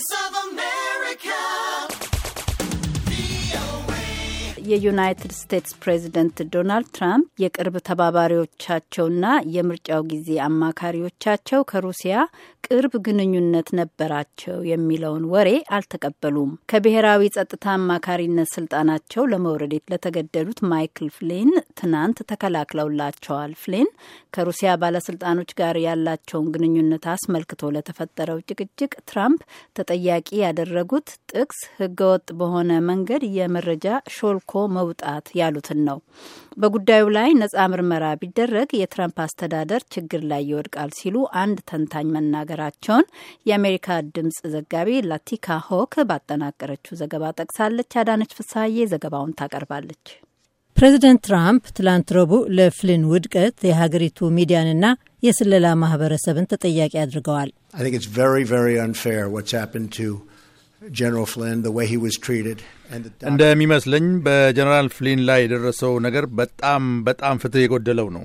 voice of የዩናይትድ ስቴትስ ፕሬዚደንት ዶናልድ ትራምፕ የቅርብ ተባባሪዎቻቸውና የምርጫው ጊዜ አማካሪዎቻቸው ከሩሲያ ቅርብ ግንኙነት ነበራቸው የሚለውን ወሬ አልተቀበሉም። ከብሔራዊ ጸጥታ አማካሪነት ስልጣናቸው ለመውረድ ለተገደዱት ማይክል ፍሊን ትናንት ተከላክለውላቸዋል። ፍሊን ከሩሲያ ባለስልጣኖች ጋር ያላቸውን ግንኙነት አስመልክቶ ለተፈጠረው ጭቅጭቅ ትራምፕ ተጠያቂ ያደረጉት ጥቅስ ህገወጥ በሆነ መንገድ የመረጃ ሾልኮ መውጣት ያሉትን ነው። በጉዳዩ ላይ ነጻ ምርመራ ቢደረግ የትራምፕ አስተዳደር ችግር ላይ ይወድቃል ሲሉ አንድ ተንታኝ መናገራቸውን የአሜሪካ ድምጽ ዘጋቢ ላቲካ ሆክ ባጠናቀረችው ዘገባ ጠቅሳለች። አዳነች ፍሳዬ ዘገባውን ታቀርባለች። ፕሬዚደንት ትራምፕ ትላንት ረቡዕ ለፍሊን ውድቀት የሀገሪቱ ሚዲያንና የስለላ ማህበረሰብን ተጠያቂ አድርገዋል። እንደሚመስለኝ በጀነራል ፍሊን ላይ የደረሰው ነገር በጣም በጣም ፍትህ የጎደለው ነው።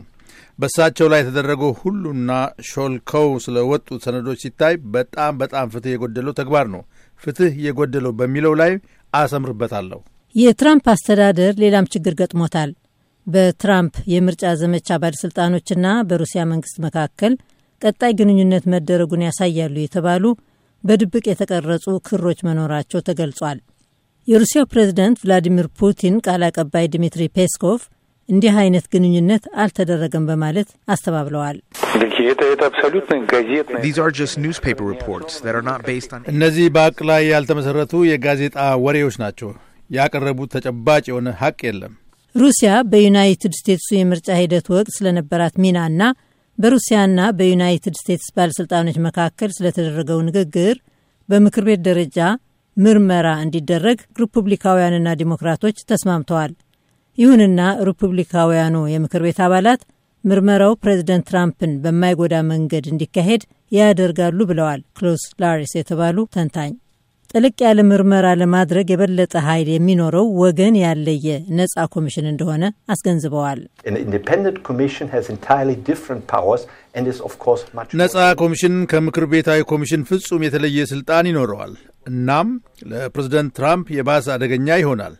በሳቸው ላይ የተደረገው ሁሉና ሾልከው ወጡት ሰነዶች ሲታይ በጣም በጣም ፍትህ የጎደለው ተግባር ነው። ፍትህ የጎደለው በሚለው ላይ አሰምርበታለሁ። የትራምፕ አስተዳደር ሌላም ችግር ገጥሞታል። በትራምፕ የምርጫ ዘመቻ ባለሥልጣኖችና በሩሲያ መንግሥት መካከል ቀጣይ ግንኙነት መደረጉን ያሳያሉ የተባሉ በድብቅ የተቀረጹ ክሮች መኖራቸው ተገልጿል። የሩሲያው ፕሬዝደንት ቭላዲሚር ፑቲን ቃል አቀባይ ድሚትሪ ፔስኮቭ እንዲህ አይነት ግንኙነት አልተደረገም በማለት አስተባብለዋል። እነዚህ በሀቅ ላይ ያልተመሰረቱ የጋዜጣ ወሬዎች ናቸው። ያቀረቡት ተጨባጭ የሆነ ሀቅ የለም። ሩሲያ በዩናይትድ ስቴትሱ የምርጫ ሂደት ወቅት ስለነበራት ሚናና በሩሲያና በዩናይትድ ስቴትስ ባለሥልጣኖች መካከል ስለተደረገው ንግግር በምክር ቤት ደረጃ ምርመራ እንዲደረግ ሪፑብሊካውያንና ዲሞክራቶች ተስማምተዋል። ይሁንና ሪፑብሊካውያኑ የምክር ቤት አባላት ምርመራው ፕሬዚደንት ትራምፕን በማይጎዳ መንገድ እንዲካሄድ ያደርጋሉ ብለዋል ክሎስ ላሪስ የተባሉ ተንታኝ። ጥልቅ ያለ ምርመራ ለማድረግ የበለጠ ኃይል የሚኖረው ወገን ያለየ ነጻ ኮሚሽን እንደሆነ አስገንዝበዋል። ነጻ ኮሚሽን ከምክር ቤታዊ ኮሚሽን ፍጹም የተለየ ስልጣን ይኖረዋል። እናም ለፕሬዝደንት ትራምፕ የባሰ አደገኛ ይሆናል።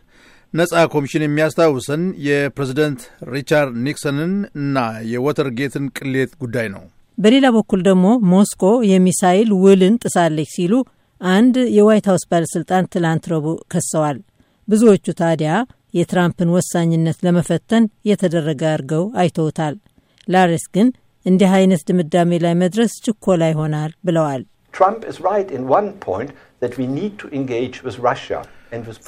ነጻ ኮሚሽን የሚያስታውሰን የፕሬዝደንት ሪቻርድ ኒክሰንን እና የወተርጌትን ቅሌት ጉዳይ ነው። በሌላ በኩል ደግሞ ሞስኮ የሚሳይል ውልን ጥሳለች ሲሉ አንድ የዋይት ሀውስ ባለሥልጣን ትላንት ረቡዕ ከሰዋል። ብዙዎቹ ታዲያ የትራምፕን ወሳኝነት ለመፈተን የተደረገ አድርገው አይተውታል። ላሬስ ግን እንዲህ አይነት ድምዳሜ ላይ መድረስ ችኮላ ይሆናል ብለዋል።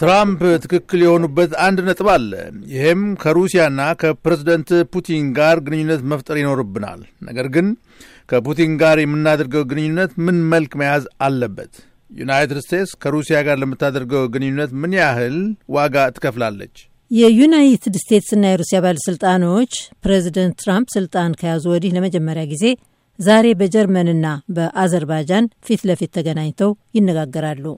ትራምፕ ትክክል የሆኑበት አንድ ነጥብ አለ። ይህም ከሩሲያና ከፕሬዝደንት ፑቲን ጋር ግንኙነት መፍጠር ይኖርብናል። ነገር ግን ከፑቲን ጋር የምናደርገው ግንኙነት ምን መልክ መያዝ አለበት? ዩናይትድ ስቴትስ ከሩሲያ ጋር ለምታደርገው ግንኙነት ምን ያህል ዋጋ ትከፍላለች? የዩናይትድ ስቴትስና የሩሲያ ባለሥልጣኖች ፕሬዚደንት ትራምፕ ስልጣን ከያዙ ወዲህ ለመጀመሪያ ጊዜ ዛሬ በጀርመንና በአዘርባይጃን ፊት ለፊት ተገናኝተው ይነጋገራሉ።